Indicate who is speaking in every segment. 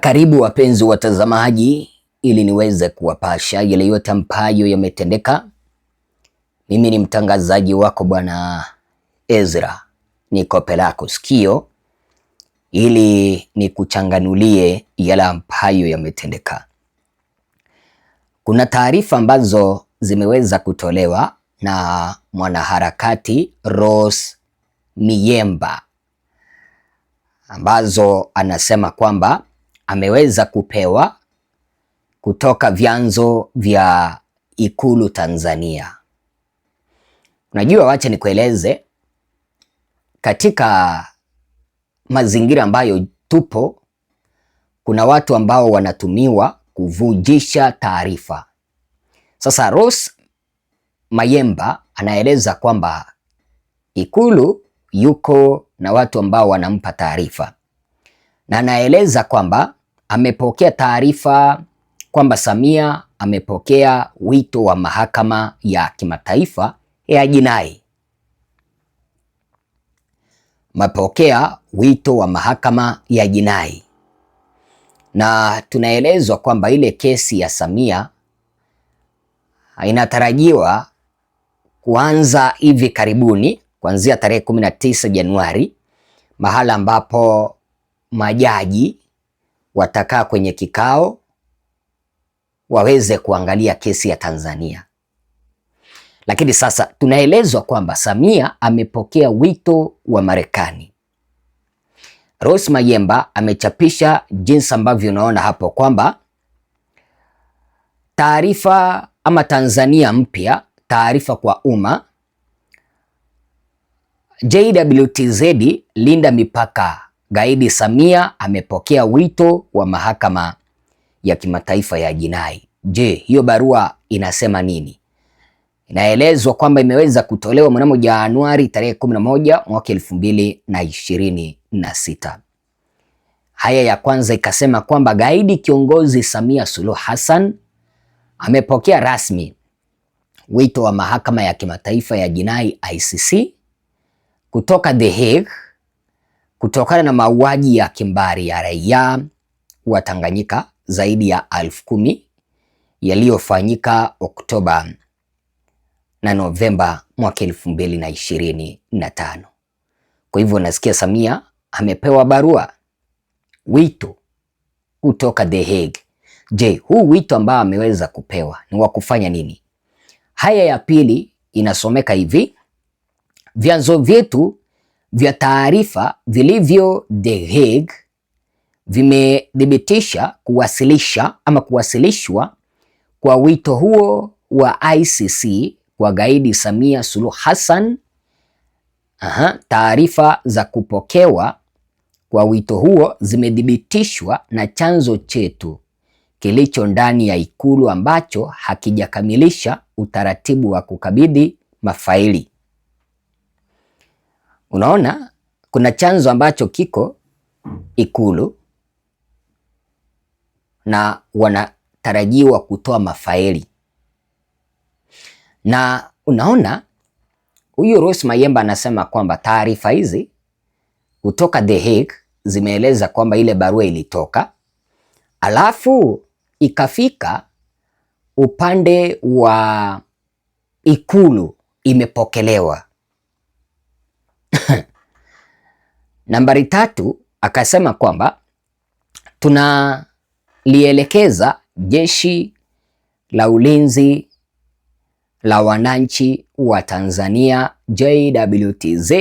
Speaker 1: Karibu wapenzi watazamaji, ili niweze kuwapasha yale yote ambayo yametendeka. Mimi ni mtangazaji wako bwana Ezra, niko pelako sikio ili nikuchanganulie yale ambayo yametendeka. Kuna taarifa ambazo zimeweza kutolewa na mwanaharakati Rose Miyemba ambazo anasema kwamba ameweza kupewa kutoka vyanzo vya Ikulu Tanzania. Unajua, wacha nikueleze katika mazingira ambayo tupo, kuna watu ambao wanatumiwa kuvujisha taarifa. Sasa Rose Mayemba anaeleza kwamba Ikulu yuko na watu ambao wanampa taarifa na anaeleza kwamba amepokea taarifa kwamba Samia amepokea wito wa mahakama ya kimataifa ya jinai, mapokea wito wa mahakama ya jinai, na tunaelezwa kwamba ile kesi ya Samia inatarajiwa kuanza hivi karibuni kuanzia tarehe 19 Januari, mahala ambapo majaji watakaa kwenye kikao waweze kuangalia kesi ya Tanzania. Lakini sasa tunaelezwa kwamba Samia amepokea wito wa Marekani. Rose Mayemba amechapisha jinsi ambavyo unaona hapo kwamba taarifa ama Tanzania mpya, taarifa kwa umma, JWTZ linda mipaka Gaidi Samia amepokea wito wa mahakama ya kimataifa ya jinai. Je, hiyo barua inasema nini? Inaelezwa kwamba imeweza kutolewa mnamo Januari tarehe 11 mwaka 2026. Haya ya kwanza ikasema kwamba gaidi kiongozi Samia Suluhu Hassan amepokea rasmi wito wa mahakama ya kimataifa ya jinai ICC kutoka The Hague kutokana na mauaji ya kimbari ya raia wa Tanganyika zaidi ya elfu kumi yaliyofanyika Oktoba na Novemba mwaka elfu mbili na ishirini na tano. Kwa hivyo nasikia Samia amepewa barua wito kutoka The Hague. Je, huu wito ambao ameweza kupewa ni wa kufanya nini? Haya ya pili inasomeka hivi: vyanzo vyetu vya taarifa vilivyo The Hague vimethibitisha kuwasilisha ama kuwasilishwa kwa wito huo wa ICC kwa gaidi Samia Suluhu Hassan. Aha, taarifa za kupokewa kwa wito huo zimethibitishwa na chanzo chetu kilicho ndani ya Ikulu ambacho hakijakamilisha utaratibu wa kukabidhi mafaili. Unaona, kuna chanzo ambacho kiko Ikulu na wanatarajiwa kutoa mafaili, na unaona huyu Rose Mayemba anasema kwamba taarifa hizi kutoka The Hague zimeeleza kwamba ile barua ilitoka alafu ikafika upande wa Ikulu imepokelewa. Nambari tatu akasema kwamba tunalielekeza jeshi la ulinzi la wananchi wa Tanzania JWTZ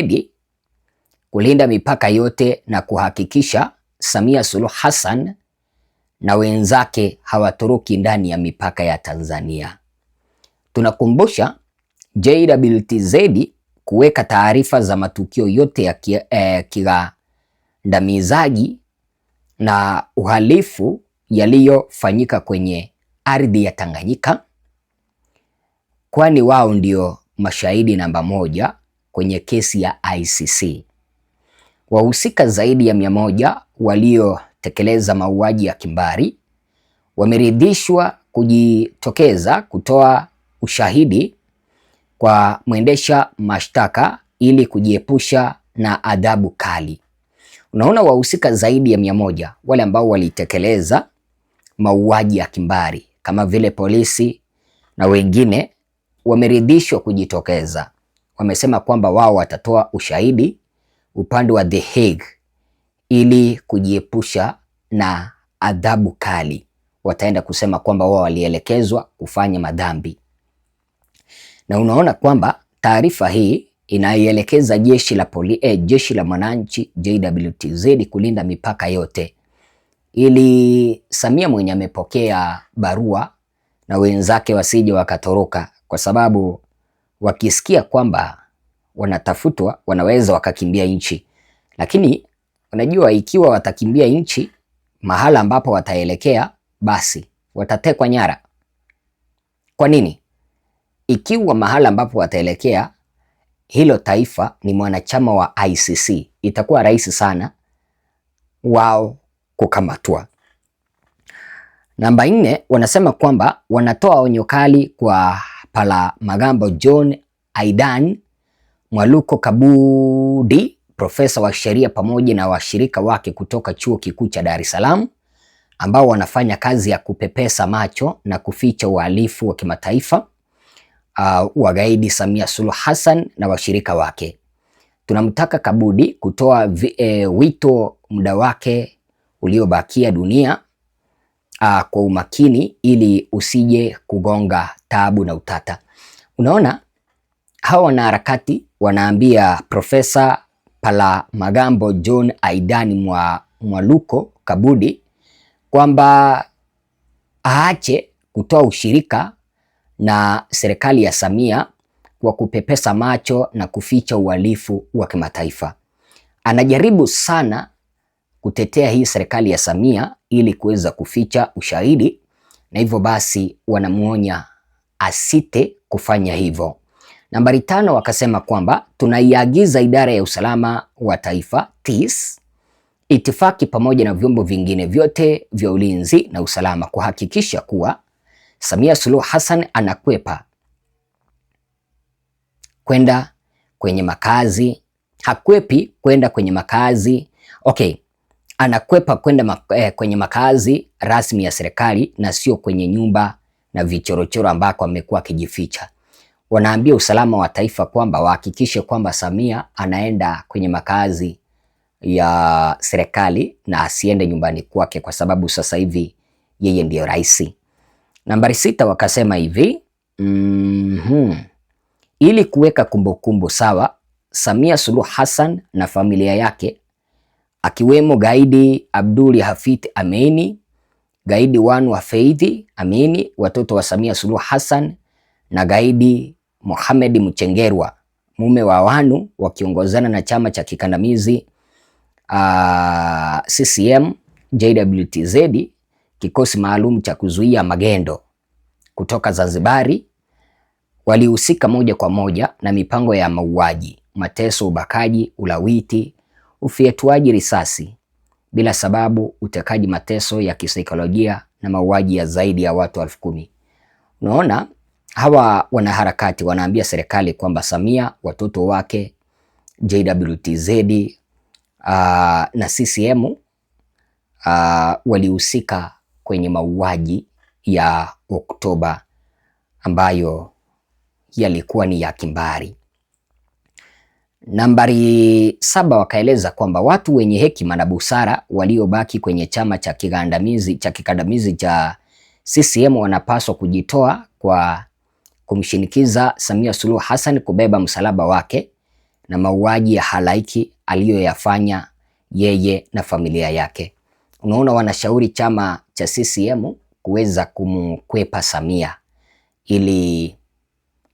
Speaker 1: kulinda mipaka yote na kuhakikisha Samia Suluhu Hassan na wenzake hawatoroki ndani ya mipaka ya Tanzania. Tunakumbusha JWTZ kuweka taarifa za matukio yote ya ki, eh, kigandamizaji na uhalifu yaliyofanyika kwenye ardhi ya Tanganyika, kwani wao ndio mashahidi namba moja kwenye kesi ya ICC. Wahusika zaidi ya mia moja waliotekeleza mauaji ya kimbari wameridhishwa kujitokeza kutoa ushahidi kwa mwendesha mashtaka ili kujiepusha na adhabu kali. Unaona, wahusika zaidi ya mia moja wale ambao walitekeleza mauaji ya kimbari kama vile polisi na wengine wameridhishwa kujitokeza. Wamesema kwamba wao watatoa ushahidi upande wa The Hague ili kujiepusha na adhabu kali. Wataenda kusema kwamba wao walielekezwa kufanya madhambi na unaona kwamba taarifa hii inaielekeza jeshi la poli, eh, jeshi la mwananchi JWTZ kulinda mipaka yote, ili Samia mwenye amepokea barua na wenzake wasije wakatoroka, kwa sababu wakisikia kwamba wanatafutwa wanaweza wakakimbia nchi. Lakini unajua ikiwa watakimbia nchi, mahala ambapo wataelekea basi watatekwa nyara. Kwa nini? ikiwa mahala ambapo wataelekea hilo taifa ni mwanachama wa ICC, itakuwa rahisi sana wao kukamatwa. Namba nne, wanasema kwamba wanatoa onyo kali kwa magambo John Aidan Mwaluko Kabudi, profesa wa sheria pamoja na washirika wake kutoka Chuo Kikuu cha Dar es Salaam ambao wanafanya kazi ya kupepesa macho na kuficha uhalifu wa kimataifa uh, wagaidi Samia Suluhu Hassan na washirika wake. Tunamtaka Kabudi kutoa vi, e, wito muda wake uliobakia dunia uh, kwa umakini ili usije kugonga taabu na utata. Unaona hawa wanaharakati wanaambia Profesa Palamagambo John Aidani mwa, Mwaluko Kabudi kwamba aache kutoa ushirika na serikali ya Samia kwa kupepesa macho na kuficha uhalifu wa kimataifa. Anajaribu sana kutetea hii serikali ya Samia ili kuweza kuficha ushahidi, na hivyo basi wanamuonya asite kufanya hivyo. Nambari tano, wakasema kwamba tunaiagiza idara ya usalama wa taifa TIS, itifaki pamoja na vyombo vingine vyote vya ulinzi na usalama kuhakikisha kuwa Samia Suluhu Hassan anakwepa kwenda kwenye makazi, hakwepi kwenda kwenye makazi. Okay, anakwepa kwenda ma, eh, kwenye makazi rasmi ya serikali na sio kwenye nyumba na vichorochoro ambako amekuwa akijificha. Wanaambia usalama wa taifa kwamba wahakikishe kwamba Samia anaenda kwenye makazi ya serikali na asiende nyumbani kwake, kwa sababu sasa hivi yeye ndiyo raisi. Nambari sita wakasema hivi mm -hmm. Ili kuweka kumbukumbu sawa, Samia Suluhu Hassan na familia yake akiwemo gaidi Abdul Hafidh ameini gaidi Wanu Hafidh Amini, watoto wa Samia Suluhu Hassan na gaidi Mohamed Mchengerwa mume wa Wanu, wakiongozana na chama cha kikandamizi uh, ah, CCM JWTZ kikosi maalum cha kuzuia magendo kutoka Zanzibari walihusika moja kwa moja na mipango ya mauaji, mateso, ubakaji, ulawiti, ufyatuaji risasi bila sababu, utekaji, mateso ya kisaikolojia na mauaji ya zaidi ya watu elfu kumi. Unaona, hawa wanaharakati wanaambia serikali kwamba Samia, watoto wake, JWTZ uh, ah, na CCM uh, ah, walihusika kwenye mauaji ya Oktoba ambayo yalikuwa ni ya kimbari. Nambari saba wakaeleza kwamba watu wenye hekima na busara waliobaki kwenye chama cha kikandamizi cha kikandamizi cha CCM wanapaswa kujitoa kwa kumshinikiza Samia Suluhu Hassan kubeba msalaba wake na mauaji ya halaiki aliyoyafanya yeye na familia yake. Unaona, wanashauri chama cha CCM kuweza kumkwepa Samia ili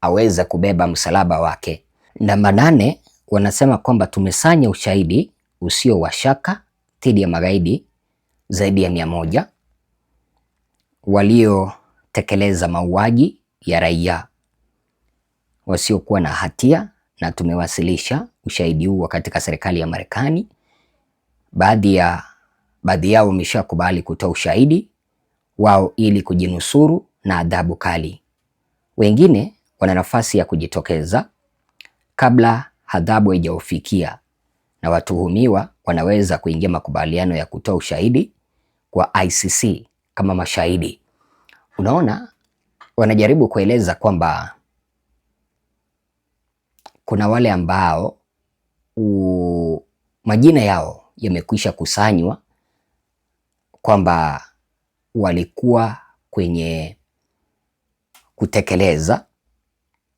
Speaker 1: aweze kubeba msalaba wake. Namba nane, wanasema kwamba tumesanya ushahidi usio wa shaka dhidi ya magaidi zaidi ya mia moja waliotekeleza mauaji ya raia wasiokuwa na hatia na tumewasilisha ushahidi huo katika serikali ya Marekani. Baadhi ya baadhi yao wameshakubali kutoa ushahidi wao ili kujinusuru na adhabu kali. Wengine wana nafasi ya kujitokeza kabla adhabu haijaofikia, na watuhumiwa wanaweza kuingia makubaliano ya kutoa ushahidi kwa ICC kama mashahidi. Unaona, wanajaribu kueleza kwamba kuna wale ambao u... majina yao yamekwisha kusanywa kwamba walikuwa kwenye kutekeleza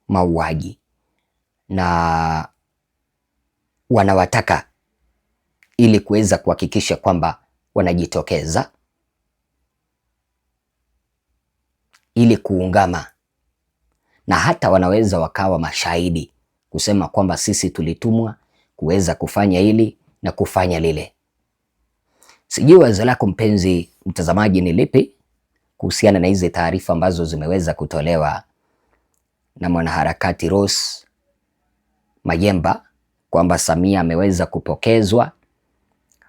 Speaker 1: mauaji na wanawataka ili kuweza kuhakikisha kwamba wanajitokeza ili kuungama, na hata wanaweza wakawa mashahidi kusema kwamba sisi tulitumwa kuweza kufanya hili na kufanya lile. Sijui wazo lako mpenzi mtazamaji ni lipi kuhusiana na hizi taarifa ambazo zimeweza kutolewa na mwanaharakati Rose Mayemba kwamba Samia ameweza kupokezwa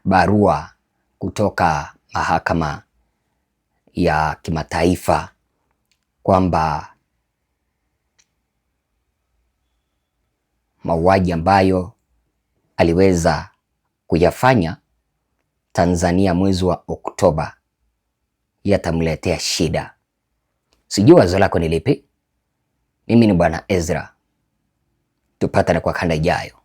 Speaker 1: barua kutoka mahakama ya kimataifa kwamba mauaji ambayo aliweza kuyafanya Tanzania mwezi wa Oktoba yatamletea shida. Sijui wazo lako ni lipi? Mimi ni Bwana Ezra, tupatane kwa kanda ijayo.